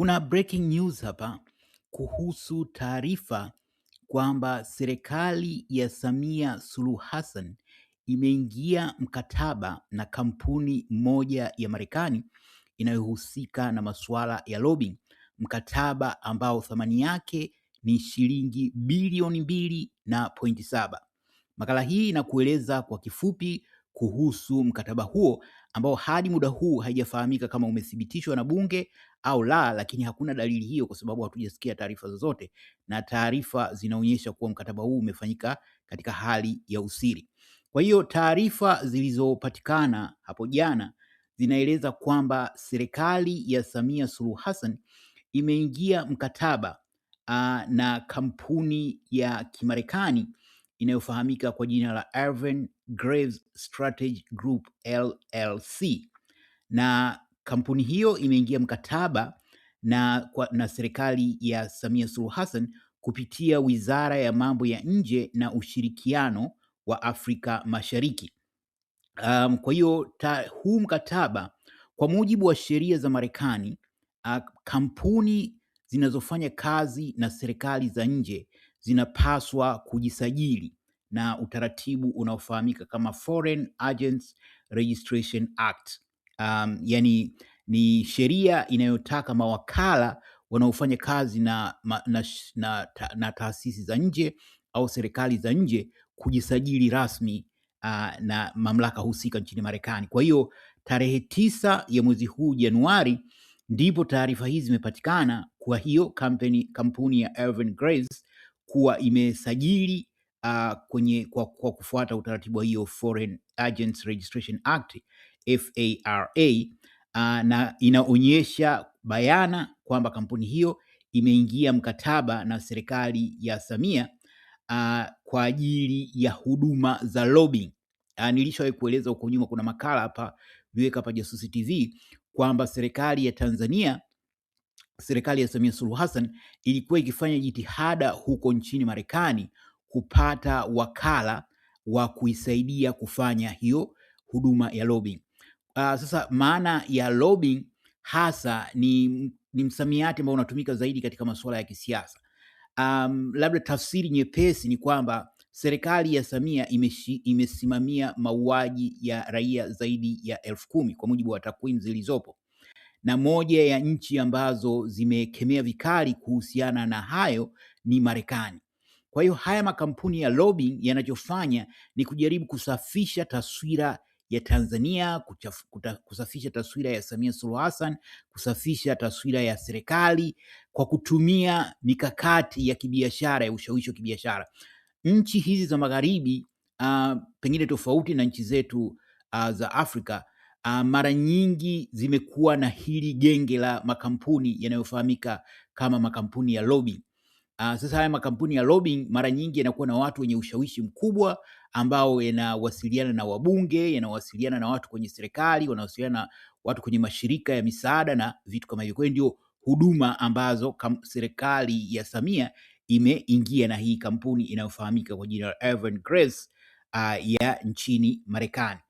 Kuna breaking news hapa kuhusu taarifa kwamba serikali ya Samia Suluhu Hassan imeingia mkataba na kampuni moja ya Marekani inayohusika na masuala ya lobbying, mkataba ambao thamani yake ni shilingi bilioni mbili na pointi saba. Makala hii inakueleza kwa kifupi kuhusu mkataba huo ambao hadi muda huu haijafahamika kama umethibitishwa na bunge au la, lakini hakuna dalili hiyo kwa sababu hatujasikia taarifa zozote, na taarifa zinaonyesha kuwa mkataba huu umefanyika katika hali ya usiri. Kwa hiyo taarifa zilizopatikana hapo jana zinaeleza kwamba serikali ya Samia Suluhu Hassan imeingia mkataba uh, na kampuni ya Kimarekani inayofahamika kwa jina la Arven Graves Strategy Group LLC, na kampuni hiyo imeingia mkataba na, na serikali ya Samia Suluhu Hassan kupitia Wizara ya Mambo ya Nje na Ushirikiano wa Afrika Mashariki. Um, kwa hiyo huu mkataba kwa mujibu wa sheria za Marekani, uh, kampuni zinazofanya kazi na serikali za nje zinapaswa kujisajili na utaratibu unaofahamika kama Foreign Agents Registration Act. Um, yani ni sheria inayotaka mawakala wanaofanya kazi na, na, na, ta, na taasisi za nje au serikali za nje kujisajili rasmi uh, na mamlaka husika nchini Marekani. Kwa hiyo tarehe tisa ya mwezi huu Januari ndipo taarifa hizi zimepatikana. Kwa hiyo kampeni, kampuni ya Evan Grace kuwa imesajili uh, kwenye kwa, kwa kufuata utaratibu wa hiyo Foreign Agents Registration Act FARA, uh, ah, na inaonyesha bayana kwamba kampuni hiyo imeingia mkataba na serikali ya Samia uh, kwa ajili ya huduma za lobbying. Uh, nilishawahi kueleza huko nyuma, kuna makala hapa viweka hapa Jasusi TV kwamba serikali ya Tanzania serikali ya Samia Suluhu Hassan ilikuwa ikifanya jitihada huko nchini Marekani kupata wakala wa kuisaidia kufanya hiyo huduma ya lobbying. Uh, sasa maana ya lobbying hasa ni, ni msamiati ambao unatumika zaidi katika masuala ya kisiasa. Um, labda tafsiri nyepesi ni kwamba serikali ya Samia imeshi, imesimamia mauaji ya raia zaidi ya elfu kumi kwa mujibu wa takwimu zilizopo, na moja ya nchi ambazo zimekemea vikali kuhusiana na hayo ni Marekani. Kwa hiyo haya makampuni ya lobbying yanachofanya ni kujaribu kusafisha taswira ya Tanzania kuchaf, kuta, kusafisha taswira ya Samia Suluhu Hassan, kusafisha taswira ya serikali kwa kutumia mikakati ya kibiashara ya ushawishi wa kibiashara. Nchi hizi za magharibi uh, pengine tofauti na nchi zetu uh, za Afrika uh, mara nyingi zimekuwa na hili genge la makampuni yanayofahamika kama makampuni ya lobbying. Uh, sasa haya makampuni ya lobbying mara nyingi yanakuwa na watu wenye ushawishi mkubwa ambao yanawasiliana na wabunge, yanawasiliana na watu kwenye serikali, wanawasiliana na watu kwenye mashirika ya misaada na vitu kama hivyo. Kwa hiyo ndio huduma ambazo serikali ya Samia imeingia na hii kampuni inayofahamika kwa jina la Evergrande uh, ah, ya nchini Marekani.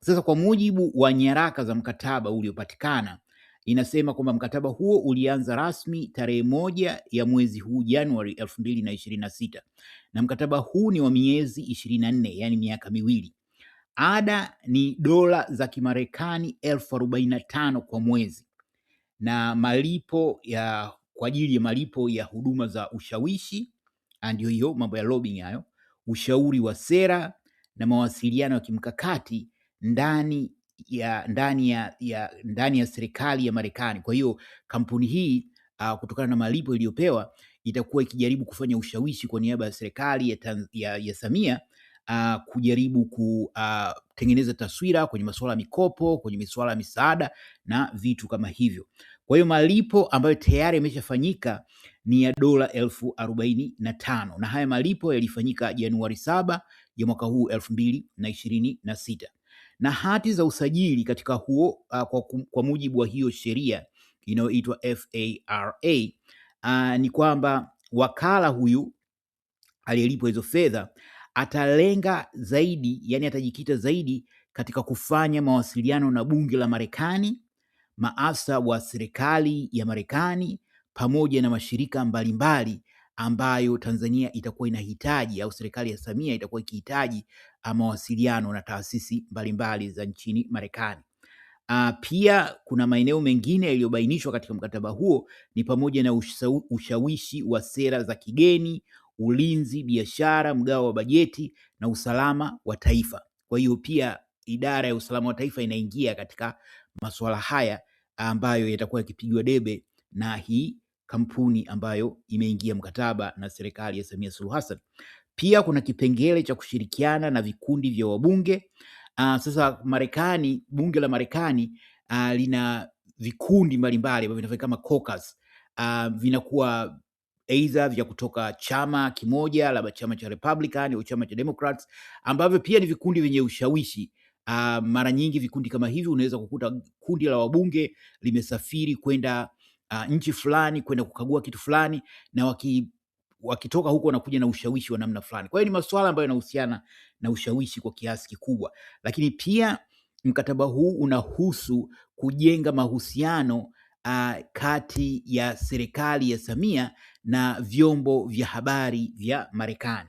Sasa kwa mujibu wa nyaraka za mkataba uliopatikana inasema kwamba mkataba huo ulianza rasmi tarehe moja ya mwezi huu Januari elfu mbili na ishirini na sita na mkataba huu ni wa miezi ishirini na nne yaani miaka miwili. Ada ni dola za Kimarekani elfu arobaini na tano kwa mwezi na malipo ya kwa ajili ya malipo ya huduma za ushawishi, ah, ndio hiyo mambo ya lobbying hayo, ushauri wa sera na mawasiliano ya kimkakati ndani ya ndani ya, ya, ndani ya serikali ya Marekani. Kwa hiyo kampuni hii uh, kutokana na malipo iliyopewa itakuwa ikijaribu kufanya ushawishi kwa niaba ya serikali ya, ya, ya Samia uh, kujaribu ah, kutengeneza uh, taswira kwenye masuala ya mikopo, kwenye masuala ya misaada na vitu kama hivyo. Kwa hiyo malipo ambayo tayari yameshafanyika ni ya dola elfu arobaini na tano na haya malipo yalifanyika Januari saba ya mwaka huu elfu mbili na ishirini na sita na hati za usajili katika huo uh, kwa, kwa mujibu wa hiyo sheria inayoitwa FARA uh, ah, ni kwamba wakala huyu aliyelipwa hizo fedha atalenga zaidi, yani atajikita zaidi katika kufanya mawasiliano na bunge la Marekani, maafisa wa serikali ya Marekani pamoja na mashirika mbalimbali ambayo Tanzania itakuwa inahitaji au serikali ya Samia itakuwa ikihitaji mawasiliano na taasisi mbalimbali za nchini Marekani. Pia kuna maeneo mengine yaliyobainishwa katika mkataba huo ni pamoja na ushawishi wa sera za kigeni, ulinzi, biashara, mgao wa bajeti na usalama wa taifa. Kwa hiyo pia idara ya usalama wa taifa inaingia katika masuala haya ambayo yatakuwa yakipigwa debe na hii kampuni ambayo imeingia mkataba na serikali ya Samia Suluhu Hassan. Pia kuna kipengele cha kushirikiana na vikundi vya wabunge. Uh, sasa Marekani, bunge la Marekani uh, lina vikundi mbalimbali ambavyo vinafanya kama caucus uh, vinakuwa aidha vya kutoka chama kimoja labda chama cha Republican au chama cha Democrats ambavyo pia ni vikundi vyenye ushawishi. Uh, mara nyingi vikundi kama hivi unaweza kukuta kundi la wabunge limesafiri kwenda uh, nchi fulani kwenda kukagua kitu fulani, na waki wakitoka huko wanakuja na ushawishi wa namna fulani. Kwa hiyo ni masuala ambayo yanahusiana na ushawishi kwa kiasi kikubwa, lakini pia mkataba huu unahusu kujenga mahusiano Uh, kati ya serikali ya Samia na vyombo vya habari vya Marekani.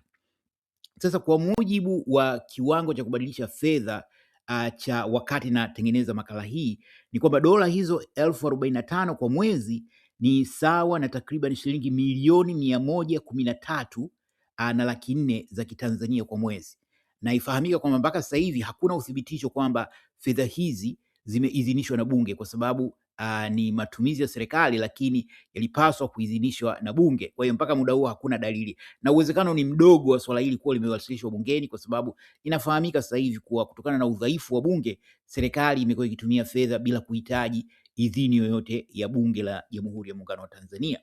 Sasa kwa mujibu wa kiwango cha kubadilisha fedha uh, cha wakati natengeneza makala hii ni kwamba dola hizo elfu arobaini na tano kwa mwezi ni sawa na takriban shilingi milioni mia moja kumi na tatu ah, na laki nne za Kitanzania kwa mwezi, na ifahamika kwamba mpaka sasa hivi hakuna uthibitisho kwamba fedha hizi zimeidhinishwa na Bunge kwa sababu Uh, ni matumizi ya serikali lakini yalipaswa kuidhinishwa na Bunge. Kwa hiyo mpaka muda huo hakuna dalili na uwezekano ni mdogo wa swala hili kuwa limewasilishwa bungeni, kwa sababu inafahamika sasa hivi kuwa kutokana na udhaifu wa Bunge, serikali imekuwa ikitumia fedha bila kuhitaji idhini yoyote ya Bunge la Jamhuri ya Muungano wa Tanzania.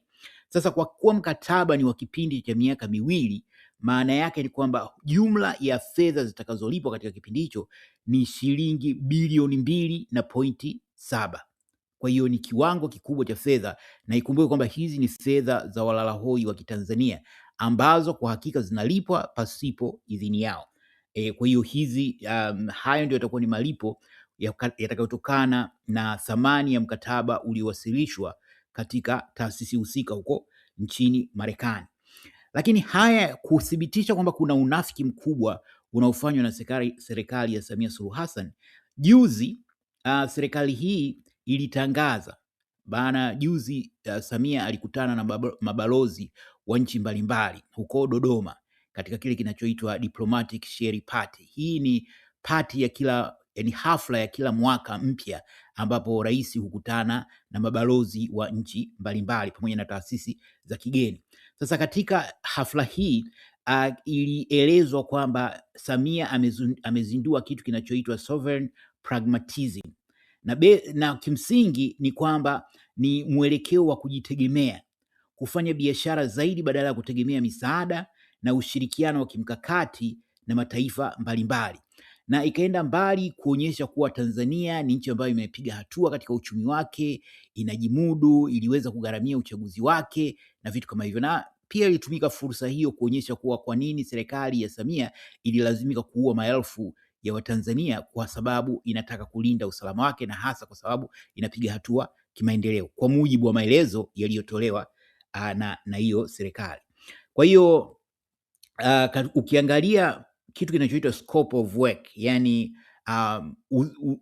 Sasa kwa kuwa mkataba ni wa kipindi cha miaka miwili, maana yake ni kwamba jumla ya fedha zitakazolipwa katika kipindi hicho ni shilingi bilioni mbili na pointi saba. Kwa hiyo ni kiwango kikubwa cha fedha, na ikumbuke kwamba hizi ni fedha za walala hoi wa Kitanzania ambazo kwa hakika zinalipwa pasipo idhini yao. E, kwa hiyo hizi um, hayo ndio yatakuwa ni malipo yatakayotokana na thamani ya mkataba uliowasilishwa katika taasisi husika huko nchini Marekani. Lakini haya kuthibitisha kwamba kuna unafiki mkubwa unaofanywa na serikali ya Samia Suluhu Hassan. Juzi uh, serikali hii ilitangaza bana, juzi uh, Samia alikutana na mabalozi wa nchi mbalimbali huko Dodoma katika kile kinachoitwa Diplomatic sherry Party. Hii ni pati ya kila yani hafla ya kila mwaka mpya ambapo rais hukutana na mabalozi wa nchi mbalimbali pamoja na taasisi za kigeni. Sasa katika hafla hii uh, ilielezwa kwamba Samia amezindua kitu kinachoitwa sovereign pragmatism na, be, na kimsingi ni kwamba ni mwelekeo wa kujitegemea, kufanya biashara zaidi badala ya kutegemea misaada na ushirikiano wa kimkakati na mataifa mbalimbali na ikaenda mbali kuonyesha kuwa Tanzania ni nchi ambayo imepiga hatua katika uchumi wake, inajimudu, iliweza kugharamia uchaguzi wake na vitu kama hivyo, na pia ilitumika fursa hiyo kuonyesha kuwa kwa nini serikali ya Samia ililazimika kuua maelfu ya Watanzania kwa sababu inataka kulinda usalama wake na hasa kwa sababu inapiga hatua kimaendeleo kwa mujibu wa maelezo yaliyotolewa ah, na hiyo serikali. Kwa hiyo uh, ukiangalia kitu kinachoitwa scope of work, yani um,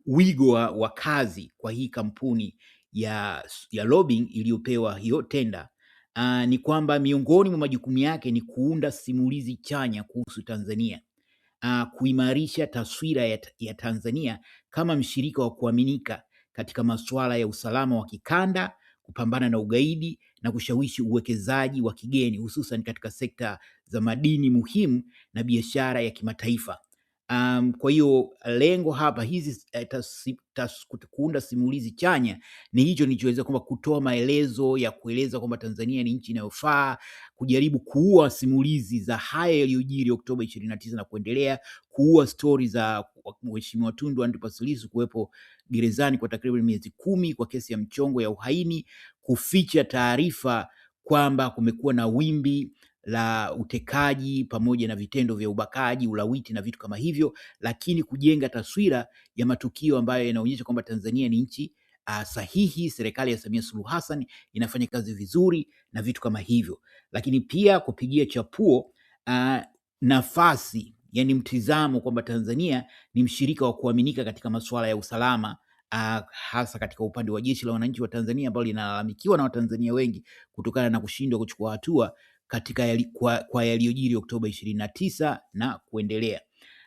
wigo wa kazi kwa hii kampuni ya, ya lobbying iliyopewa hiyo tenda uh, ni kwamba miongoni mwa majukumu yake ni kuunda simulizi chanya kuhusu Tanzania uh, kuimarisha taswira ya, ya Tanzania kama mshirika wa kuaminika katika masuala ya usalama wa kikanda, kupambana na ugaidi na kushawishi uwekezaji wa kigeni hususan katika sekta za madini muhimu na biashara ya kimataifa. Um, kwa hiyo lengo hapa hizi eh, kuunda simulizi chanya ni hicho nilichoweza kwamba kutoa maelezo ya kueleza kwamba Tanzania ni nchi inayofaa, kujaribu kuua simulizi za haya yaliyojiri Oktoba ishirini na tisa na kuendelea, kuua stori za Mheshimiwa Tundu Antipas Lissu kuwepo gerezani kwa takriban miezi kumi kwa kesi ya mchongo ya uhaini, kuficha taarifa kwamba kumekuwa na wimbi la utekaji pamoja na vitendo vya ubakaji, ulawiti na vitu kama hivyo, lakini kujenga taswira ya matukio ambayo yanaonyesha kwamba Tanzania ni nchi uh, sahihi, serikali ya Samia Suluhu Hassan inafanya kazi vizuri na vitu kama hivyo, lakini pia kupigia chapuo uh, nafasi yani mtizamo kwamba Tanzania ni mshirika wa kuaminika katika masuala ya usalama uh, hasa katika upande wa jeshi la wananchi wa Tanzania ambalo linalalamikiwa na Watanzania wengi kutokana na kushindwa kuchukua hatua katika yali, kwa, kwa yaliyojiri Oktoba ishirini na tisa na kuendelea,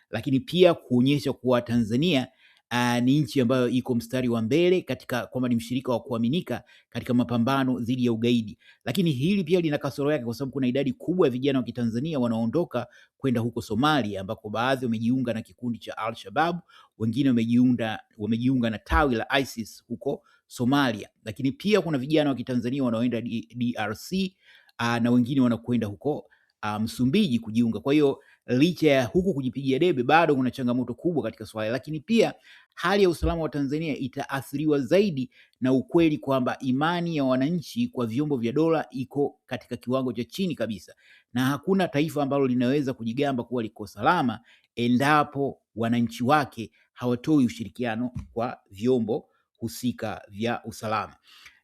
lakini pia kuonyesha kuwa Tanzania Uh, ni nchi ambayo iko mstari wa mbele katika kwamba ni mshirika wa kuaminika katika mapambano dhidi ya ugaidi, lakini hili pia lina kasoro yake, kwa sababu kuna idadi kubwa ya vijana wa Kitanzania wanaondoka kwenda huko Somalia, ambako baadhi wamejiunga na kikundi cha Al-Shabaab, wengine wamejiunga wamejiunga na tawi la ISIS huko Somalia, lakini pia kuna vijana wa Kitanzania wanaoenda DRC uh, na wengine wanakwenda huko uh, Msumbiji kujiunga. Kwa hiyo licha ya huku kujipigia debe, bado kuna changamoto kubwa katika swala, lakini pia hali ya usalama wa Tanzania itaathiriwa zaidi na ukweli kwamba imani ya wananchi kwa vyombo vya dola iko katika kiwango cha chini kabisa, na hakuna taifa ambalo linaweza kujigamba kuwa liko salama endapo wananchi wake hawatoi ushirikiano kwa vyombo husika vya usalama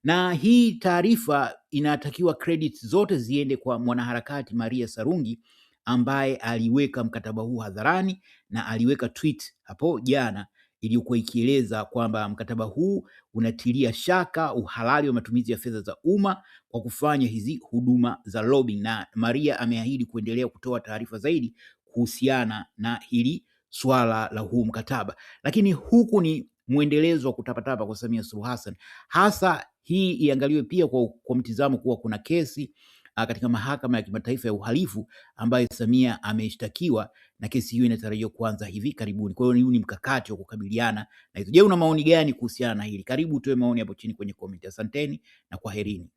na hii taarifa inatakiwa credit zote ziende kwa mwanaharakati Maria Sarungi ambaye aliweka mkataba huu hadharani na aliweka tweet hapo jana iliyokuwa ikieleza kwamba mkataba huu unatilia shaka uhalali wa matumizi ya fedha za umma kwa kufanya hizi huduma za lobbying, na Maria ameahidi kuendelea kutoa taarifa zaidi kuhusiana na hili swala la huu mkataba. Lakini huku ni mwendelezo wa kutapatapa kwa Samia Suluhu Hassan, hasa hii iangaliwe pia kwa, kwa mtizamo kuwa kuna kesi ah, katika mahakama ya kimataifa ya uhalifu ambayo Samia ameshtakiwa na kesi hiyo inatarajiwa kuanza hivi karibuni. Kwa hiyo huu ni mkakati wa kukabiliana na hizo. Je, una maoni gani kuhusiana na hili? Karibu utoe maoni hapo chini kwenye komenti. Asanteni na kwaherini.